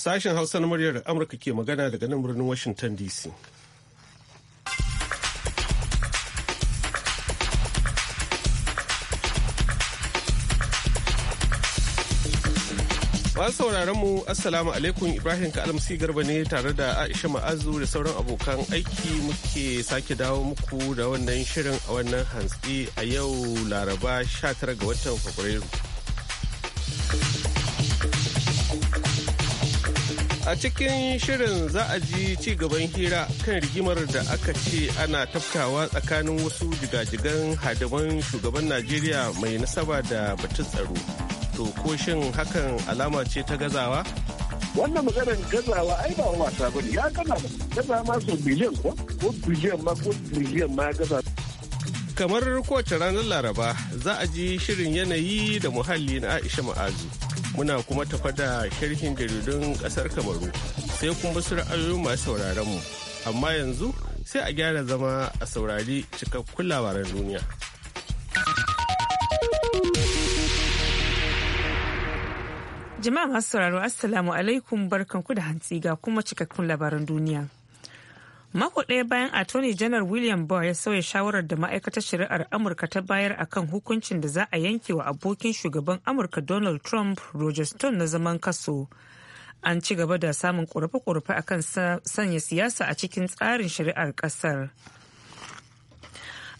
Sashen Hausa na muryar Amurka ke magana daga nan birnin Washington DC. Masu sauraron mu Assalamu alaikum Ibrahim Ka'alam Garba ne tare da Aisha Ma'azu da sauran abokan aiki muke sake dawo muku da wannan shirin a wannan hantsi a yau Laraba 19 ga watan Fabrairu. A cikin shirin za a ji ci gaban hira kan rigimar da aka ce ana tafkawa tsakanin wasu jigajigan hadaman shugaban Najeriya mai nasaba da batun tsaro. To ko shin hakan alama ce ta gazawa? Wannan maganar gazawa ai ba wasa ba ya gaza gaza ma sau biliyan ko ko biliyan ma ko biliyan ma gaza. Kamar kowace ranar Laraba za a ji shirin yanayi da muhalli na Aisha Ma'azu. muna kuma tafa da sharhin jaridun kasar kamaru sai kuma su ra'ayoyi masu sauraron mu amma yanzu sai a gyara zama a saurari cikakkun labaran duniya jama'a masu sauraro assalamu alaikum barkanku da hantsi ga kuma cikakkun labaran duniya Mako ɗaya bayan Attorney General William Barr ya sauya shawarar da ma'aikatar shari'ar Amurka ta bayar akan hukuncin da za a yanke wa abokin shugaban Amurka Donald Trump Roger Stone na zaman kaso. An ci gaba da samun ƙorafe-ƙorafe akan sanya siyasa a cikin tsarin shari'ar ƙasar.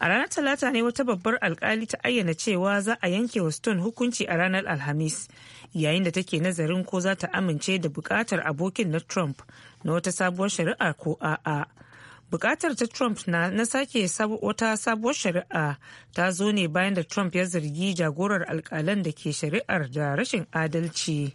A ranar Talata ne wata babbar alkali ta ayyana cewa za a yanke wa Stone hukunci a ranar Alhamis. yayin da take nazarin ko za ta amince da bukatar abokin na trump na wata sabuwar shari'a ko a'a bukatar ta trump na sake wata sabuwar shari'a ta zo ne bayan da trump ya zargi jagorar alkalan da ke shari'ar da rashin adalci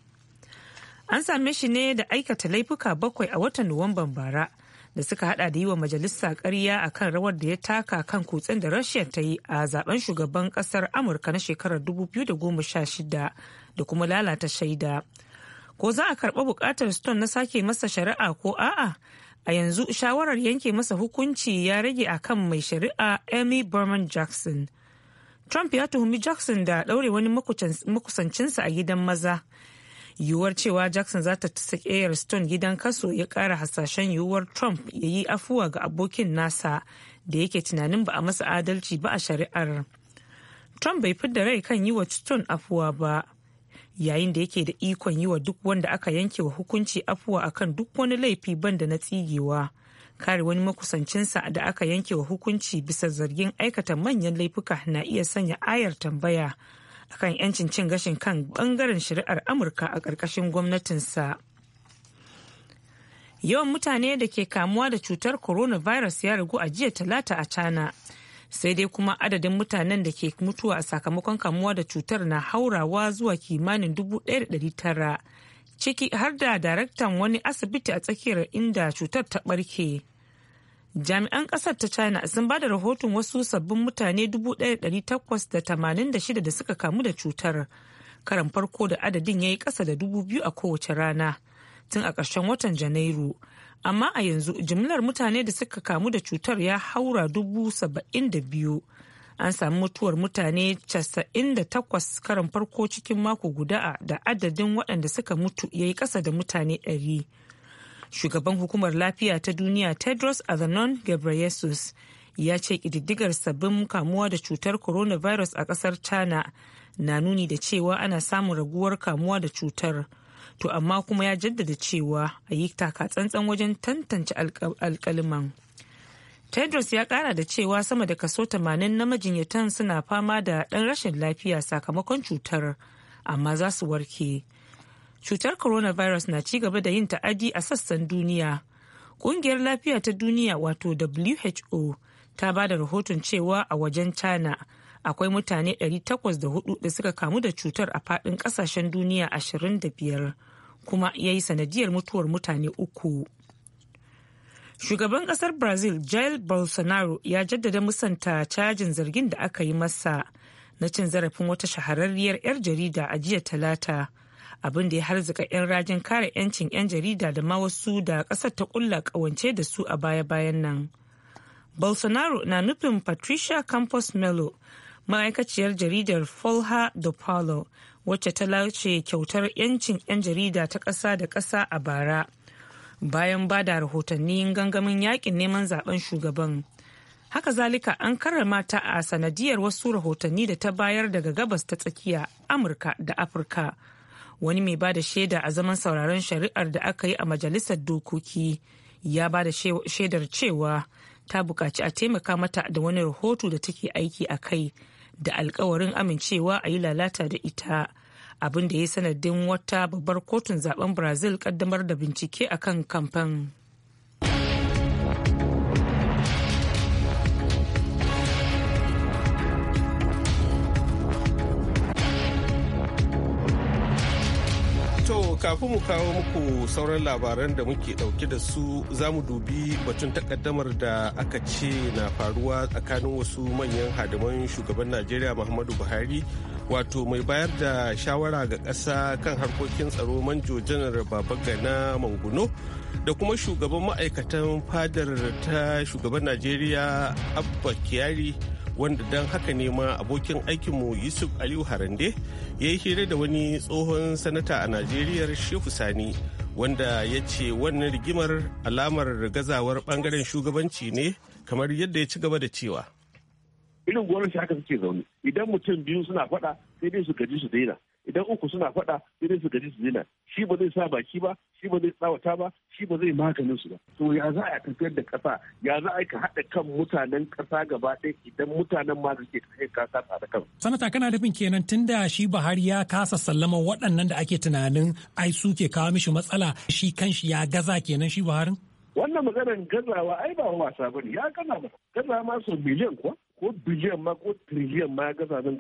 an same shi ne da aikata laifuka bakwai a watan nuwamban bara da suka hada da yi wa majalisa karya a kan rawar da ya taka kan kutsen da rasha ta yi a zaben shugaban kasar amurka na shekarar 2016 da kuma lalata shaida ko za a karɓa buƙatar stone na sake masa shari'a ko a'a a yanzu shawarar yanke masa hukunci ya rage a kan mai shari'a amy berman jackson trump ya tuhumi jackson da ɗaure wani makusancinsa a gidan maza yiwuwar cewa jackson za ta sakeyar stone gidan kaso ya ƙara hasashen yiwuwar trump ya yi afuwa ga abokin nasa da yake tunanin ba a masa adalci ba a shari'ar trump bai fidda rai kan yi wa stone afuwa ba yayin da yake da ikon yi wa duk wanda aka yanke wa hukunci afuwa akan duk wani laifi banda na tsigewa kare wani makusancinsa da aka yanke wa hukunci bisa zargin aikata manyan laifuka na iya sanya ayar tambaya akan yancin cin gashin kan bangaren shari'ar amurka a ƙarƙashin gwamnatinsa yawan mutane da ke kamuwa da cutar coronavirus ya ragu a jiya talata a cana. sai dai kuma adadin mutanen da ke mutuwa a sakamakon kamuwa da cutar na haurawa zuwa kimanin tara ciki har da daraktan wani asibiti a tsakiyar inda cutar ta barke jami'an kasar ta china sun ba da rahoton wasu sabbin mutane 1,886 da suka kamu da cutar karan farko da adadin ya yi kasa da 2,000 a kowace rana tun a ƙarshen watan janairu amma a yanzu jimlar mutane da suka kamu da cutar ya haura dubu saba'in da biyu an samu mutuwar mutane casa'in da takwas, karan farko cikin mako guda da adadin waɗanda suka mutu ya yi ƙasa da mutane ɗari. shugaban hukumar lafiya ta duniya tedros adhanom ghebreyesus ya ce ƙididdigar sabbin kamuwa da cutar coronavirus a ƙasar china na nuni da cewa ana samun raguwar kamuwa da cutar. to amma kuma ya jaddada cewa a yi taka tsantsan wajen tantance alkaliman tedros ya kara da cewa sama da kaso 80 na majinyatan suna fama da ɗan rashin lafiya sakamakon cutar amma za su warke cutar coronavirus na ci gaba da yin ta'adi a sassan duniya kungiyar lafiya ta duniya wato who ta ba da rahoton cewa a wajen china akwai mutane 804 da suka kamu da cutar a faɗin ƙasashen duniya 25 kuma ya yi sanadiyar mutuwar mutane uku. Shugaban ƙasar Brazil jail Bolsonaro ya jaddada musanta cajin zargin da aka yi masa na cin zarafin wata shahararriyar 'yar jarida a jiya talata. abin da ya harzika 'yan rajin kare 'yancin 'yan jarida da ma wasu da ƙasar ta ƙulla ƙawance da su a baya-bayan nan. Bolsonaro na nufin Patricia Campos Melo ma'aikaciyar jaridar folha do paulo wacce ta lace kyautar 'yancin 'yan jarida ta ƙasa da ƙasa a bara bayan ba da rahotannin gangamin yakin neman zaben shugaban haka zalika an karrama ta a sanadiyar wasu rahotanni da ta bayar daga gabas ta tsakiya amurka da afirka wani mai ba da shaida a zaman sauraron shari'ar da aka yi a majalisar dokoki ya ba da shaidar cewa ta buƙaci a taimaka mata da wani rahoto da take aiki a kai da alkawarin amincewa a yi lalata da ita abin da ya sanadin wata babbar kotun zaben brazil kaddamar da bincike akan kamfen. kafin mu kawo muku sauran labaran da muke dauke da su za mu dubi batun takaddamar da aka ce na faruwa tsakanin wasu manyan hadiman shugaban najeriya muhammadu buhari wato mai bayar da shawara ga ƙasa kan harkokin tsaro manjo janar babagana manguno da kuma shugaban ma'aikatan fadar ta shugaban najeriya abba kyari wanda don haka ne ma abokin aikinmu yusuf aliyu harande ya yi hira da wani tsohon sanata a najeriya shehu sani wanda ya ce wannan rigimar alamar gazawar bangaren shugabanci ne kamar yadda ya ci gaba da cewa irin gwamnati haka suke zaune idan mutum biyu suna faɗa sai dai su gaji su daina idan uku suna faɗa sai su gani su zina shi ba zai sa baki ba shi ba zai tsawata ba shi ba zai maganin su ba to ya za a tafiyar da ƙasa ya za a ka haɗa kan mutanen ƙasa gaba ɗaya idan mutanen ma suke tafiyar kasa ta da kansu. sanata kana nufin kenan tunda shi buhari ya kasa sallama waɗannan da ake tunanin ai su ke kawo mishi matsala shi kan kanshi ya gaza kenan shi buharin. wannan maganar gazawa ai ba wasa bane ya gaza ba gaza ma sau biliyan kuwa ko biliyan ma ko tiriliyan ma gaza zan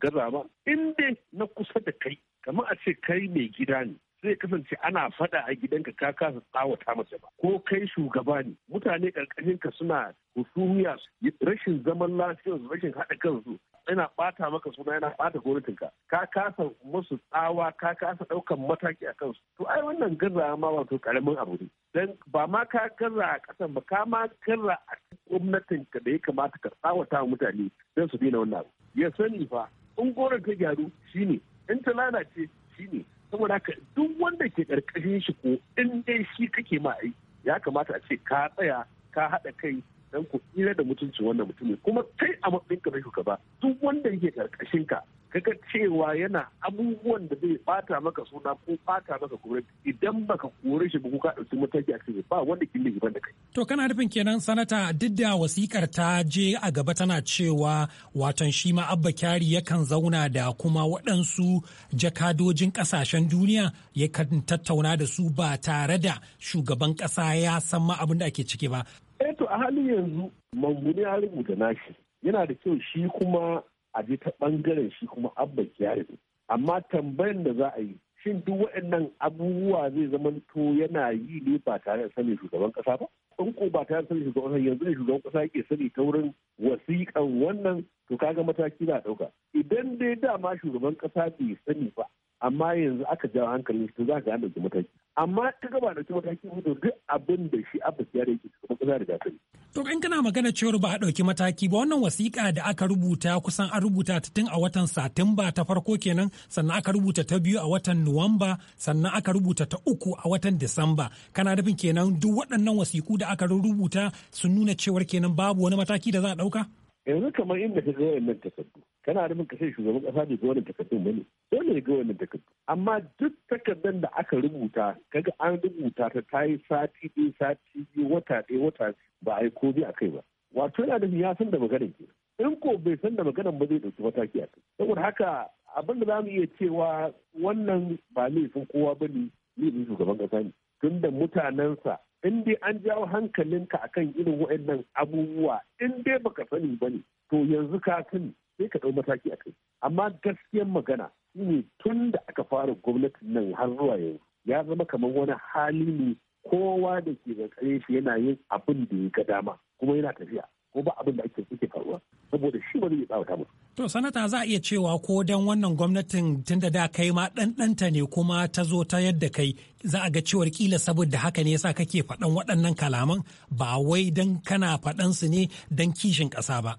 gaza ba in dai na kusa da kai kamar a ce kai mai gida ne zai kasance ana fada a gidanka ka kasa tsawata mace ba ko kai shugaba ne mutane karkashin ka suna husumiya rashin zaman lafiya rashin haɗa kansu yana bata maka suna yana bata gwamnatin ka ka kasa musu tsawa ka kasa daukan mataki a kansu to ai wannan gaza ma wato karamin abu ne dan ba ma ka gaza a kasan ba ka ma gaza a gwamnatin ka da ya kamata ka tsawata wa mutane dan su daina wannan abu ya sani fa in gonar ta gyaru shine in ta lalace shine saboda haka duk wanda ke karkashin shi ko in dai shi kake ma ai ya kamata a ce ka tsaya ka haɗa kai don ku tsira da mutuncin wannan mutumin kuma kai a matsayin ka na shugaba duk wanda yake karkashin ka kaga cewa yana abubuwan da zai bata maka suna ko bata maka kore idan baka kore shi buku ka dauki mataki a ba wanda kin da ban da kai to kana nufin kenan sanata duk da wasikar ta je a gaba tana cewa watan shi ma abba kyari yakan zauna da kuma waɗansu jakadojin ƙasashen duniya yakan tattauna da su ba tare da shugaban ƙasa ya san ma abin da ake ciki ba e to a halin yanzu mangune ya rubuta nashi yana da kyau shi kuma a je ta bangaren shi kuma abba kyari amma tambayan da za a yi shin duk waɗannan abubuwa zai zama to yana yi ne ba tare da sanin shugaban kasa ba in ko ba tare da sanin shugaban kasa yanzu ne shugaban kasa yake sani ta wurin wasiƙan wannan to kaga mataki za a ɗauka idan dai dama shugaban ƙasa bai sani ba amma yanzu aka jawo hankalin shi to za ka ga an mataki amma ta gaba da kuma mataki hudu duk abin da shi abu ya da yake kuma kusa da gasari. To in kana magana cewar ba a ɗauki mataki ba wannan wasiƙa da aka rubuta kusan an rubuta ta tun a watan Satumba ta farko kenan sannan aka rubuta ta biyu a watan Nuwamba sannan aka rubuta ta uku a watan Disamba kana nufin kenan duk waɗannan wasiƙu da aka rubuta sun nuna cewar kenan babu wani mataki da za a ɗauka? yanzu kamar inda ka ga wannan takardu kana da ka sai shugaban kasa bai ga wannan takardun bane dole ya ga wannan takardu amma duk takardar da aka rubuta kaga an rubuta ta ta yi sati ɗaya sati biyu wata ɗaya wata ba a yi komai a kai ba wato yana da ya san da magana ke in ko bai san da magana ba zai ɗauki mataki a kai saboda haka abin da za mu iya cewa wannan ba laifin kowa ba ne laifin shugaban kasa ne tunda mutanensa in dai an jawo hankalinka akan irin waɗannan abubuwa in dai baka sani ba ne to yanzu ka sani sai ka ɗau mataki a kai amma gaskiyar magana shine tun da aka fara gwamnatin nan har zuwa yau ya zama kamar wani hali ne kowa da ke da shi yana yin abin da ya ga dama kuma yana tafiya ko ba abin da ake faruwa saboda shi ba zai tsawata musu To sanata za a iya cewa ko dan wannan gwamnatin tun da da kai ma ɗanɗanta ne kuma ta zo ta yadda kai za a ga cewar kila saboda haka ne yasa kake faɗan waɗannan kalaman ba wai dan kana faɗan su ne dan kishin ƙasa ba.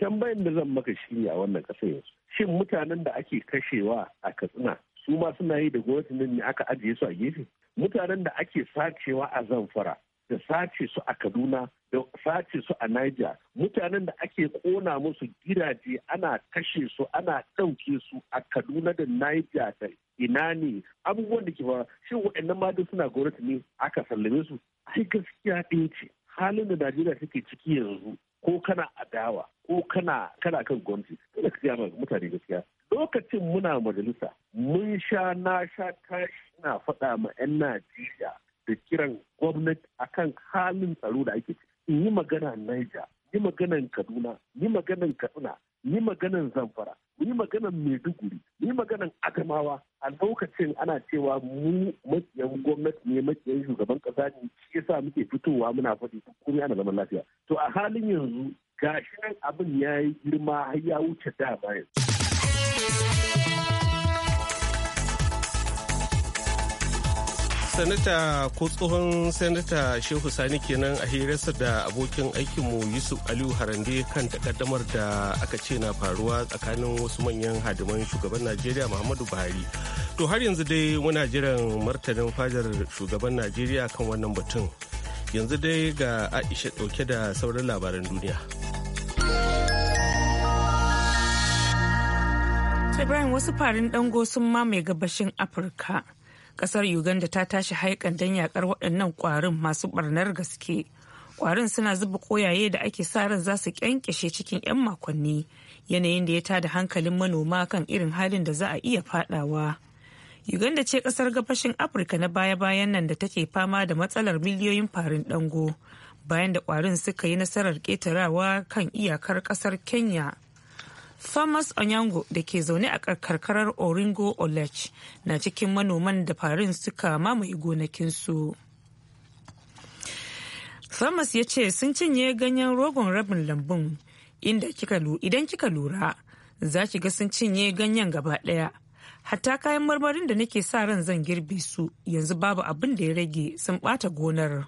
Tambayan da zan maka shi a wannan ƙasa yanzu. Shin mutanen da ake kashewa a Katsina su ma suna yi da gwamnatin ne aka ajiye su a gefe? Mutanen da ake sacewa a Zamfara da sace su a Kaduna da sace su a Niger mutanen da ake kona musu gidaje ana kashe su ana ɗauke su a Kaduna da Niger da ina ne abubuwan da ke ba shi waɗannan ma duk suna gwamnati ne aka sallame su ai gaskiya ɗaya ce halin da Najeriya suke ciki yanzu ko kana adawa ko kana kana kan gwamnati kada ka mutane gaskiya lokacin muna majalisa mun sha na sha tashi na faɗa ma 'yan Najeriya da kiran gwamnati akan halin tsaro da ake in yi magana Niger, yi maganan Kaduna, yi maganan Katsina, yi maganan Zamfara, yi maganan Maiduguri, yi maganan Adamawa a lokacin ana cewa mu makiyan gwamnati ne makiyan shugaban ƙasa ne shi yasa muke fitowa muna faɗi komai ana zaman lafiya. To a halin yanzu gashi nan abin ya yi girma har ya wuce da bayan. sanata ko tsohon sanata shehu sani kenan a hirarsa da abokin aikinmu yusuf aliyu harande kan takaddamar da aka ce na faruwa tsakanin wasu manyan hadiman shugaban najeriya muhammadu buhari to har yanzu dai muna jiran martanin fadar shugaban najeriya kan wannan batun yanzu dai ga aisha dauke da sauran labaran duniya Ibrahim wasu farin dango sun mamaye gabashin Afirka. kasar uganda ta tashi haikan dan yakar waɗannan ƙwarin masu barnar gaske ƙwarin suna zuba koyaye da ake sa ran za su kyankyashe cikin 'yan makonni yanayin da ya tada hankalin manoma kan irin halin da za a iya fadawa uganda ce kasar gabashin afirka na baya-bayan nan da take fama da matsalar miliyoyin farin dango bayan da ƙwarin suka yi nasarar ketarawa kan iyakar kasar kenya farmers Onyango da ke zaune a karkarar Oringo Olech na cikin manoman da farin suka mamaye gonakinsu. farmers ya ce sun cinye ganyen rogon rabin lambun inda kika idan kika lura za ki ga sun cinye ganyen gaba ɗaya. Hatta kayan marmarin da nake sa ran zan girbe su yanzu babu abin da ya rage sun ɓata gonar.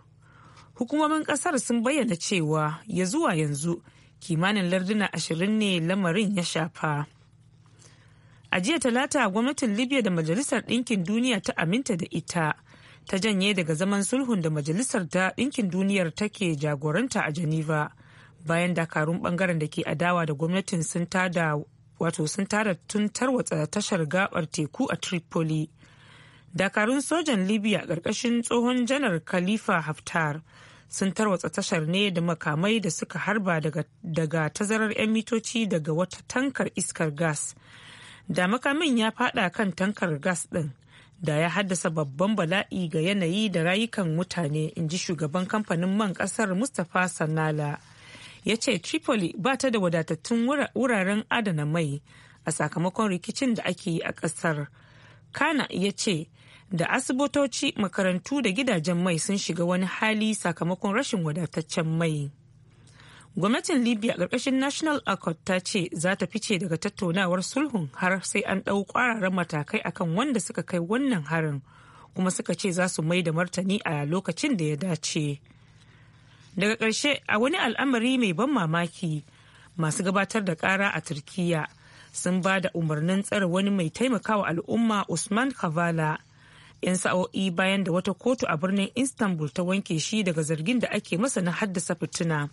Hukumomin ƙasar sun bayyana cewa ya zuwa yanzu kimanin larduna ashirin ne lamarin ya shafa a jiya talata gwamnatin libya da majalisar ɗinkin duniya ta aminta da ita ta janye daga zaman sulhun da majalisar ta ɗinkin duniyar take jagoranta a geneva bayan dakarun bangaren da ke adawa da gwamnatin sun tada wato sun tada tun tarwatsa tashar gabar teku a tripoli dakarun sojan libya ƙarƙashin tsohon janar khalifa haftar sun tarwatsa tashar ne da makamai da suka harba daga tazarar 'yan mitoci daga wata tankar iskar gas da makamin ya fada kan tankar gas din da ya haddasa babban bala'i ga yanayi da rayukan mutane in ji shugaban kamfanin man kasar mustapha sanala ya ce tripoli ba ta da wadatattun wuraren adana mai a sakamakon rikicin da ake yi a kasar kana ya ce da asibitoci makarantu da gidajen mai sun shiga wani hali sakamakon rashin wadataccen mai gwamnatin libya ƙarƙashin national accord ta ce za ta fice daga tattaunawar sulhun har sai an ɗau ƙwararren matakai akan wanda suka kai wannan harin kuma suka ce za su mai da martani a lokacin da ya dace daga ƙarshe a wani al'amari mai ban mamaki masu gabatar da ƙara a turkiya sun ba da umarnin tsare wani mai taimakawa al'umma usman kavala 'yan sa'o'i bayan da wata kotu a birnin istanbul ta wanke shi daga zargin da ake masa na haddasa fitina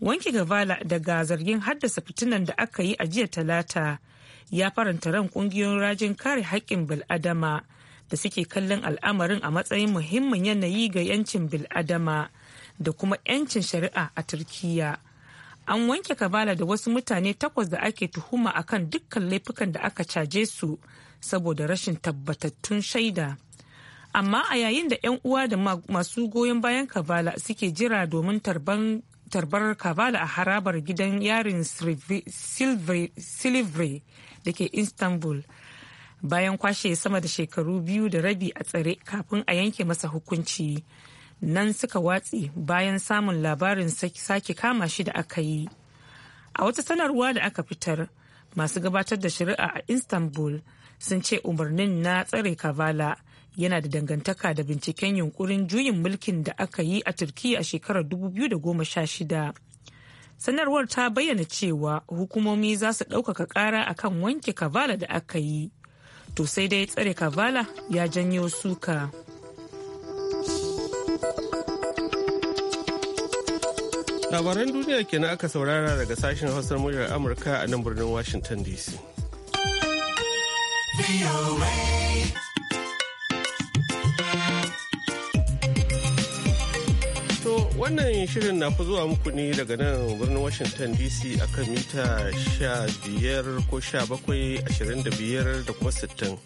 wanke gavala daga zargin haddasa fitinan da aka yi a jiya talata ya faranta ran kungiyoyin rajin kare haƙƙin bil'adama da suke kallon al'amarin a matsayin muhimmin yanayi ga 'yancin bil'adama da kuma 'yancin shari'a a turkiya an wanke kabala da wasu mutane takwas da ake tuhuma akan dukkan laifukan da aka caje su saboda rashin tabbatattun shaida amma a yayin da 'yan uwa da masu goyon bayan kavala suke jira domin tarbar kavala a harabar gidan yarin Silivri da ke istanbul bayan kwashe sama da shekaru biyu da rabi a tsare kafin a yanke masa hukunci nan suka watsi bayan samun labarin sake kama shi da aka yi a wata sanarwa da aka fitar masu gabatar da shari'a a istanbul sun ce umarnin na tsare kavala yana da dangantaka da binciken yunkurin juyin mulkin da aka yi a turkiya a shekarar 2016 sanarwar ta bayyana cewa hukumomi za su ɗaukaka ƙara akan wanke kavala da aka yi to sai dai tsare kavala ya janyo suka labaran duniya kenan aka saurara daga sashen hausar muryar amurka a nan birnin washington dc to wannan shirin na fi zuwa muku ne daga nan birnin washington dc akan mita 15 ko 17.25 da kuma 60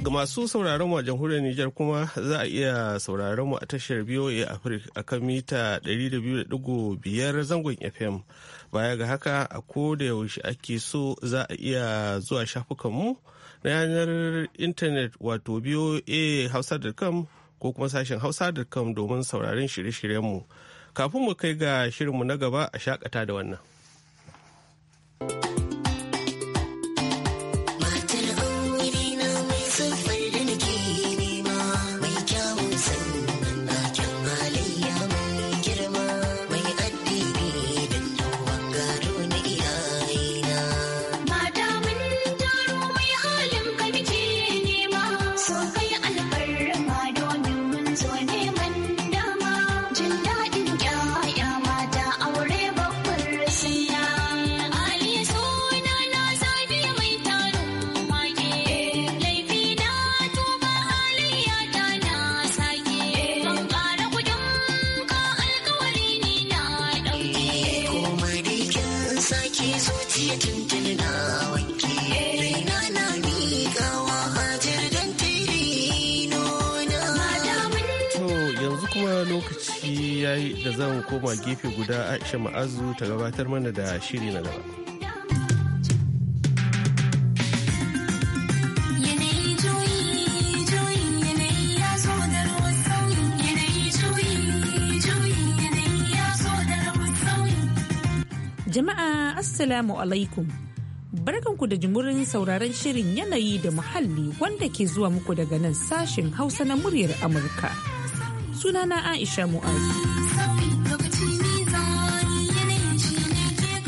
ga masu sauraron mu a jamhuriyar nijar kuma za a iya sauraron mu a tashar voa africa akan mita 200.5 zangon fm baya ga haka a ko da yaushe ake so za a iya zuwa shafukanmu mu na yanar intanet wato voa hausa.com ko kuma sashen hausa.com domin sauraron shirye-shiryenmu kafin mu kai ga shirinmu na gaba a shakata da wannan. kuma lokaci ya yi da zan koma gefe guda aisha ma'azu ta gabatar mana da shiri na gaba jama'a assalamu alaikum barkanku da jimurin sauraron shirin yanayi da muhalli wanda ke zuwa muku daga nan sashen hausa na muryar amurka sunana Aisha Mu'azu.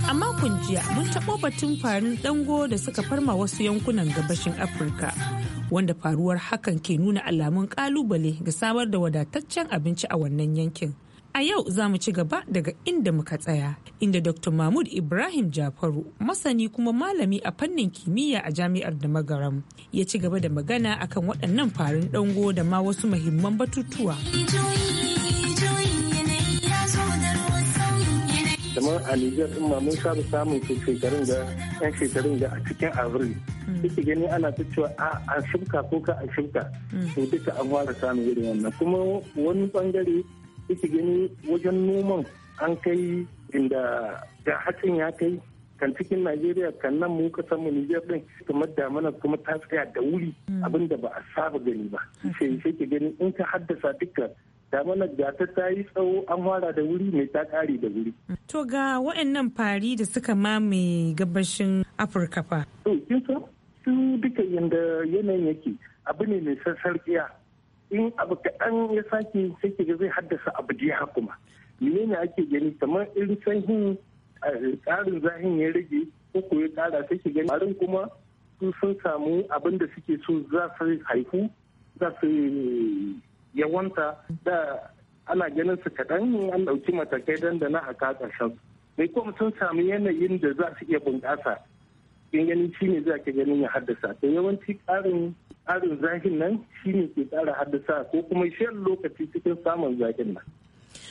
A makon jiya mun taɓo batun farin dango da suka farma wasu yankunan gabashin Afirka. Wanda faruwar hakan ke nuna alamun ƙalubale ga samar da wadataccen abinci a wannan yankin. A yau za mu ci gaba daga inda muka tsaya, inda Dr. Mahmud Ibrahim Jafaru, masani kuma malami a fannin kimiyya a jami'ar da magaram, ya ci gaba da magana akan waɗannan farin ɗango da ma wasu mahimman batutuwa. kamar a Nijar din ma mun saba samun shekarun da yan shekarun da a cikin avril duk hmm. gani ana ta cewa a a shimka ko ka a shimka hmm. to duka an fara samun irin wannan kuma wani bangare kike gani wajen noman an kai inda da hatsin ya kai kan cikin najeriya kan nan mu san mu nijar din kamar mana kuma ta tsaya da wuri hmm. abinda ba a saba gani ba sai sai ki gani in ka haddasa duka damanar da ta ta yi tsawo an fara da wuri mai ta kare da wuri. To ga waɗannan fari da suka mame gabashin Afirka fa. To kin san su duka yanda yanayin yake abu ne mai sassarƙiya in abu kaɗan ya sake sai ga zai haddasa abu da ya kuma menene ake gani kamar irin sanhin ƙarin zahin ya rage ko ko ya ƙara sai gani barin kuma sun samu abin da suke so za su haihu za su yawanta da ana ganin su kaɗan an ɗauki matakai dandana da na haka mai kuma sun samu yanayin da za su iya bunƙasa in gani shi ne za ka ganin ya haddasa to yawanci ƙarin ƙarin zahin nan shi ne ke ƙara haddasa ko kuma shiyar lokaci cikin samun zahin nan.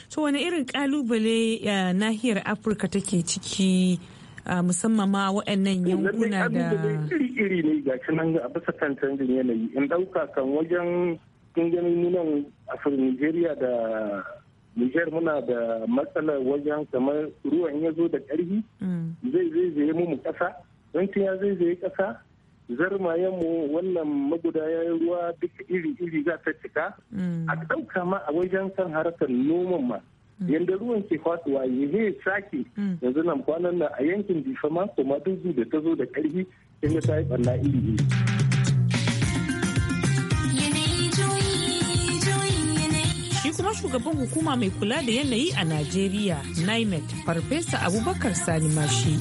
to wani irin kalubale nahiyar afirka take ciki musamman ma waɗannan yankuna da iri-iri ne ga shi nan a bisa kan canjin yanayi in ɗauka kan wajen kun gani nunan afirka nigeria da Nijar muna da matsalar wajen kamar ruwan ya zo da ƙarfi mm. zai zai zai mu ƙasa don ta ya zaizaye ƙasa zarmayenmu wannan magudayen ruwa duk iri-iri za ta cika mm. a ɗauka ma a wajen kan harkar noman ma mm. yadda ruwan ke faɗuwa ya ya sake mm. yanzu nan kwanan nan a yankin ma kuma dubu da ta zo da ƙarfi inda ta yi ɓanna iri-iri. shi kuma shugaban hukuma mai kula da yanayi a najeriya nimet farfesa abubakar sani mashi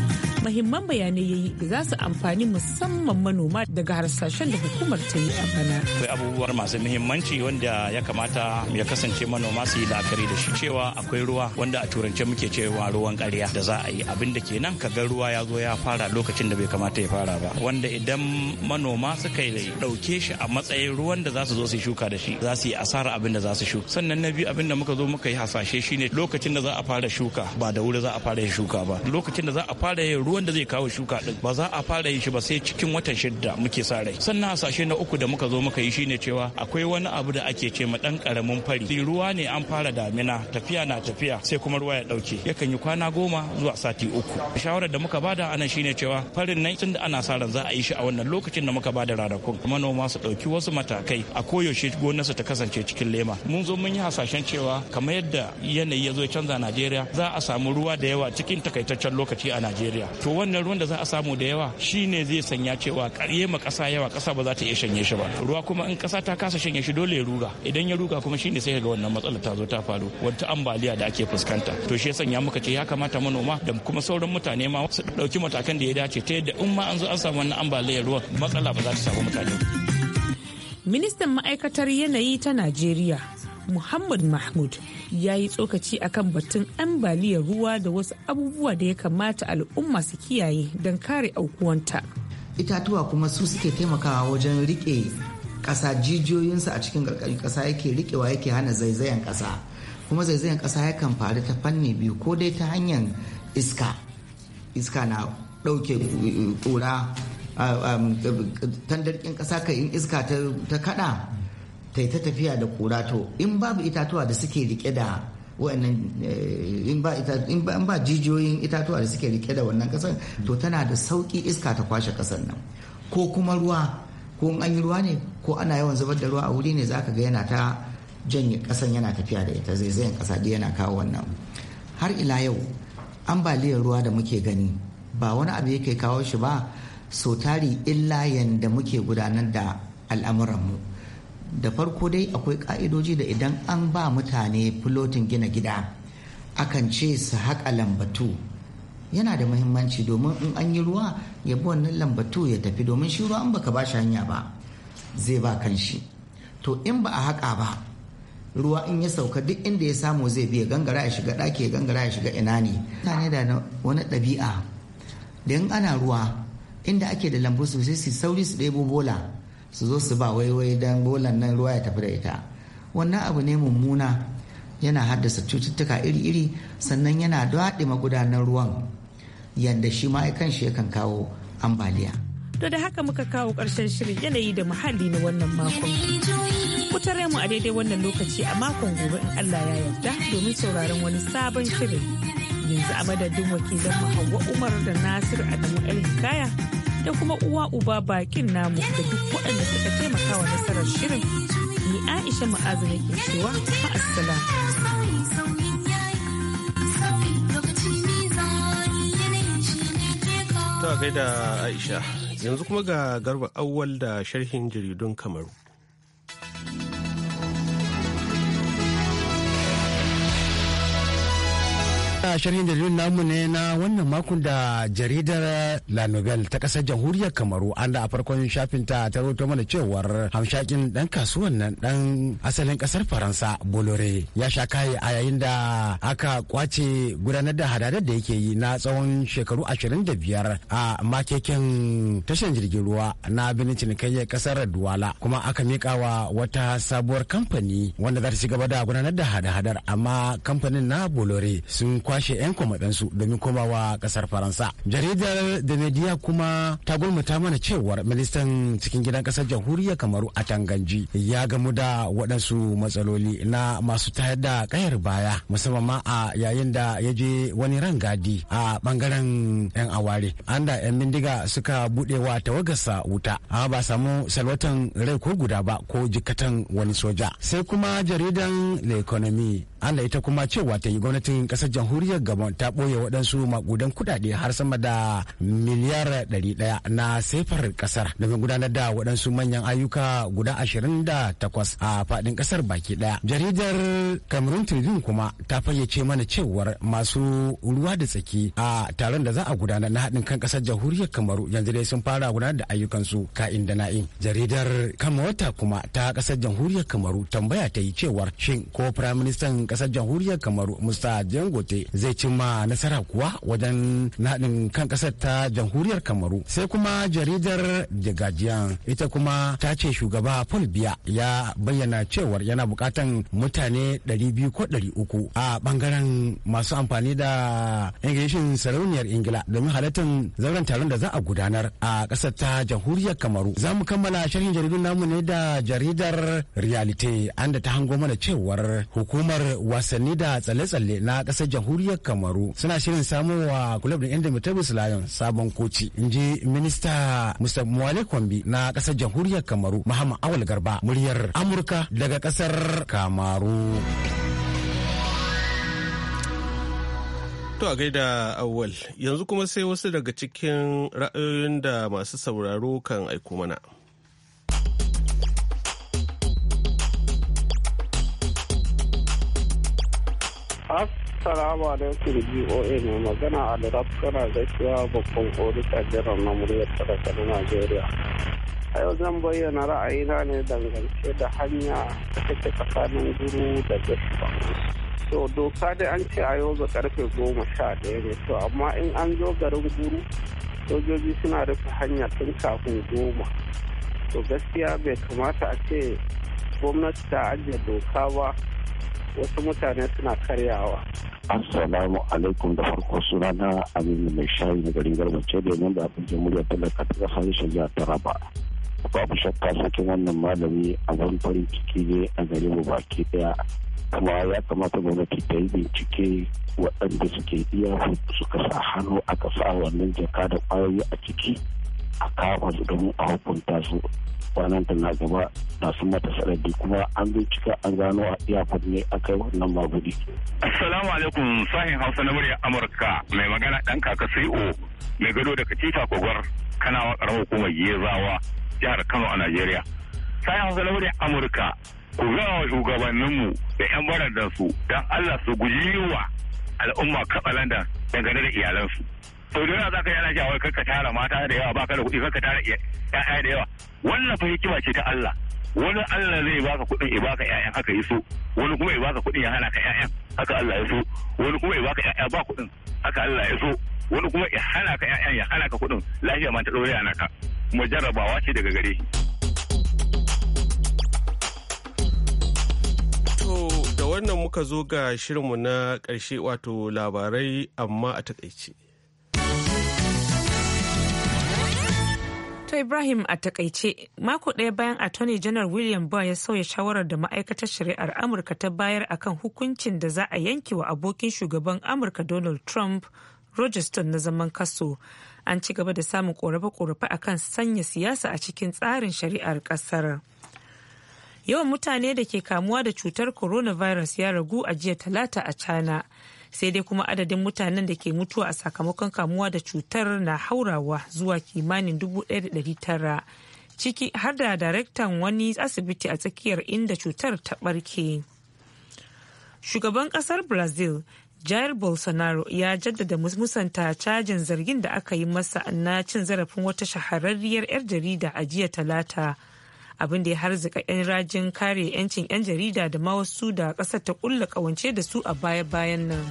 mahimman bayanai ya yi da za su amfani musamman manoma daga harsashen da hukumar ta yi a Akwai abubuwar masu muhimmanci wanda ya kamata ya kasance manoma su yi la'akari da shi cewa akwai ruwa wanda a turance muke cewa ruwan ƙarya da za a yi abin da kenan ka ga ruwa ya zo ya fara lokacin da bai kamata ya fara ba wanda idan manoma suka yi ɗauke shi a matsayin ruwan da za su zo su shuka da shi za su yi asara abin da za su shuka sannan na biyu abin da muka zo muka yi hasashe shi ne. lokacin da za a fara shuka ba da wuri za a fara shuka ba lokacin da za a fara yin ruwa wanda zai kawo shuka din ba za a fara yin shi ba sai cikin watan shidda muke sa rai sannan hasashe na uku da muka zo muka yi shine cewa akwai wani abu da ake ce ma dan karamin fari ruwa ne an fara damina tafiya na tafiya sai kuma ruwa ya dauke yakan yi kwana goma zuwa sati uku shawarar da muka bada anan shine cewa farin nan tun ana sa ran za a yi shi a wannan lokacin da muka bada ranakun manoma su dauki wasu matakai a koyaushe su ta kasance cikin lema mun zo mun yi hasashen cewa kamar yadda yanayi ya zo canza Najeriya za a samu ruwa da yawa cikin takaitaccen lokaci a Najeriya to wannan ruwan da za a samu da yawa shine zai sanya cewa karye ma kasa yawa kasa ba za ta iya shanye shi ba ruwa kuma in kasa ta kasa shanye shi dole ya ruga idan ya ruga kuma shine sai ga wannan matsalar ta zo ta faru wata ambaliya da ake fuskanta to shi ya sanya muka ce ya kamata manoma da kuma sauran mutane ma su dauki matakan da ya dace ta yadda in ma an zo an samu wannan ambaliyar ruwa matsala ba za ta samu mutane ministan ma'aikatar yanayi ta najeriya Muhammad Mahmud ya yi tsokaci kan batun ambaliyar ruwa da wasu abubuwa da ya kamata al'umma su kiyaye don kare aukuwanta. Itatuwa kuma su suke taimakawa wajen rike ƙasa jijiyoyinsa a cikin ƙarƙarin ƙasa yake rikewa yake hana zaizayen ƙasa. Kuma zaizayen ƙasa yakan faru ta fanni biyu ko dai ta hanyar iska. Iska na ɗauke eh, ƙura ah, ah, tandarkin ƙasa ka in iska ta kaɗa ta yi ta tafiya da kura to in babu itatuwa da suke rike da wa'annan eh, ba jijiyoyin itatuwa da suke rike da wannan kasar to tana da sauƙi iska ta kwashe kasar nan ko kuma ruwa ko an yi ruwa ne ko ana yawan zubar da ruwa a wuri ne za ka ga yana ta janye kasan yana tafiya da ita zaizayen kasa dai yana kawo wannan har ila yau ambaliyar ruwa da muke gani ba wani abu yake kawo shi ba so tari da muke gudanar da al'amuranmu da farko dai akwai ka'idoji da idan an ba mutane filotin gina gida akan ce su haƙa lambatu yana da muhimmanci domin in an yi ruwa ya bi wannan lambatu ya tafi domin shi ruwa an baka ba shi hanya ba zai ba kan shi to in ba a haƙa ba ruwa in ya sauka duk inda ya samu zai biya gangara ya shiga ɗaki ya gangara ya shiga ina ne mutane da wani ɗabi'a da in ana ruwa inda ake da lambu sosai su sauri su ɗebo bola su zo su ba waiwai don bolan nan ruwa ya tafi da ita wannan abu ne mummuna yana haddasa cututtuka iri-iri sannan yana daɗe magudanar ruwan yadda shi ma shi yakan kawo ambaliya. To da haka muka kawo ƙarshen shirin yanayi da muhalli na wannan makon. Ku mu a daidai wannan lokaci a makon gobe in Allah ya yarda domin sauraron wani sabon shirin. Yanzu a madadin wakilan Hauwa Umar da Nasir Adamu alhikaya Hikaya da kuma uwa uba bakin namu da duk waɗanda suka taimaka wa nasarar shirin ni aisha ma'azu cewa ma'assalam ta gaida aisha yanzu kuma ga garba awwal da sharhin jaridun kamaru kammala sharhin jaridun namu ne na wannan makon da jaridar La Nouvelle ta kasar jamhuriyar Kamaru an da a farkon shafin ta ta rubuta mana cewar hamshakin dan kasuwan nan dan asalin kasar Faransa Bolore ya sha kai a yayin da aka kwace gudanar da hadadar da yake yi na tsawon shekaru 25 a makekin tashar jirgin ruwa na birnin cinikayyar kasar Duwala kuma aka mika wa wata sabuwar kamfani wanda za ta ci gaba da gudanar da hada-hadar amma kamfanin na Bolore sun kwa kwashe 'yan kwamaɗansu domin komawa ƙasar faransa jaridar da media kuma ta gulmata mana cewar ministan cikin gidan ƙasar jamhuriyar kamaru a tanganji ya gamu da waɗansu matsaloli na masu tayar da ƙayar baya musamman ma a yayin da ya je wani rangadi a bangaren 'yan aware an da 'yan bindiga suka wa tawagarsa wuta amma ba samu salwatan rai ko guda ba ko jikatan wani soja sai kuma jaridan le economy an da ita kuma cewa ta yi gwamnatin ƙasar jamhuriyar jamhuriyar gabon ta ɓoye waɗansu maƙudan kuɗaɗe har sama da miliyar ɗari ɗaya na sefar ƙasar domin gudanar da waɗansu manyan ayyuka guda ashirin da takwas a faɗin ƙasar baki ɗaya jaridar cameroon tribune kuma ta fayyace mana cewar masu ruwa da tsaki a taron da za a gudanar na haɗin kan ƙasar jamhuriyar kamaru yanzu dai sun fara gudanar da ayyukansu ka'in da na'in jaridar kamawata kuma ta ƙasar jamhuriyar kamaru tambaya ta yi cewar shin ko firaministan ƙasar jamhuriyar kamaru musta jangote zai zai ma nasara kuwa wajen naɗin kan ƙasar ta jamhuriyar kamaru sai kuma jaridar the guardian ita kuma ta ce shugaba paul biya ya bayyana cewar yana buƙatan mutane 200 ko 300 a ɓangaren masu amfani da ingilishin sarauniyar ingila domin halartar zauren taron da za a gudanar a ƙasar ta jamhuriyar kamaru za mu kammala sharhin jaridun namu ne da jaridar reality an da ta hango mana cewar hukumar wasanni da tsale-tsale na ƙasar jamhuriyar jamhuriyar kamaru suna shirin samowa kulab din indomitables lions sabon koci in ji minista mr muwale kwambi na kasar jamhuriyar kamaru muhammad awal garba muryar amurka daga kasar kamaru To a gaida awwal yanzu kuma sai wasu daga cikin ra'ayoyin da masu sauraro kan aiko mana. Assalamu alaikum BOA mai magana a Luraf kana gaskiya babban odita jiran na muryar talaka na Najeriya. A yau zan bayyana ra'ayina ne dangance da hanya da take tsakanin guru da gaskiya. To doka dai an ce a yau ga karfe goma sha ɗaya ne to amma in an zo garin guru sojoji suna rufe hanya tun kafin goma. To gaskiya bai kamata a ce gwamnati ta ajiye doka ba wasu mutane suna karyawa assalamu alaikum da farko suna na aminu mai shayi na garin garbace da yamma da abin jamhuriyar talaka ta kasa rashin jihar taraba babu shakka saki wannan malami a wani farin ciki ne a gare mu baki daya kuma ya kamata gwamnati ta yi bincike waɗanda suke iya suka sa hannu aka sa wannan jaka da ƙwayoyi a ciki a kafa su don a hukunta su kwanan ta na gaba na sun mata sarari kuma an bincika an gano a iyakar ne a kai wannan magudi. Assalamu alaikum sahin Hausa na murya Amurka mai magana ɗan kaka o mai gado da katifa kogwar kana karamar hukumar Yezawa jihar Kano a Najeriya. Sahin Hausa na murya Amurka ku gawa shugabanninmu da 'yan su don Allah su guji yiwa al'umma da dangane da iyalansu. to da za ka yana jawo ka tara mata da yawa baka da kuɗi ka tara ƴaƴa da yawa wannan fa hikima ce ta Allah wani Allah zai baka kuɗin ya baka ƴaƴan haka yi so wani kuma ya baka kuɗin ya hana ka ƴaƴan haka Allah ya so wani kuma ya baka ƴaƴa ba kuɗin haka Allah ya so wani kuma ya hana ka ƴaƴan ya hana ka kuɗin lafiya ma ta ɗore a ka kuma jarrabawa ce daga gare shi. da wannan muka zo ga shirinmu na ƙarshe wato labarai amma a taƙaice. Dr. Ibrahim a takaice mako ɗaya bayan Attorney General William Barr ya sauya shawarar da ma'aikatar shari'ar Amurka ta bayar akan hukuncin da za a yanke wa abokin shugaban Amurka Donald Trump Rogerston na zaman kaso. An ci gaba da samun korafe-korafe akan sanya siyasa a cikin tsarin shari'ar ƙasar. Yawan mutane da ke kamuwa da cutar coronavirus ya ragu a jiya talata a China. sai dai kuma adadin mutanen da ke mutuwa a sakamakon kamuwa da cutar na haurawa zuwa kimanin 1,900 ciki har da daraktan wani asibiti a tsakiyar inda cutar ta barke. Shugaban kasar Brazil Jair Bolsonaro ya jaddada musanta cajin zargin da aka yi masa na cin zarafin wata shahararriyar 'yar jarida a jiya talata. abin da ya harzika 'yan rajin kare 'yancin 'yan jarida da ma wasu da ƙasar ta kulla ƙawance da su a baya-bayan nan.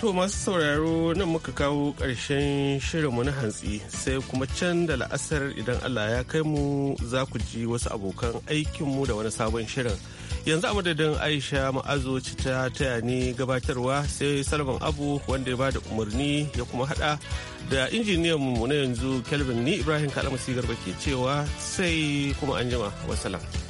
To masu sauraro nan muka kawo ƙarshen shirinmu na hantsi sai kuma can da la'asar idan Allah ya kai mu za ku ji wasu abokan aikinmu da wani sabon shirin. Yanzu a madadin Aisha ma'azo ta taya ne gabatarwa sai Salman Abu wanda ya ba da umarni ya kuma hada da injiniyan mu na yanzu Kelvin ni Ibrahim Kalamasi Garba ke cewa sai kuma anjima wasalam.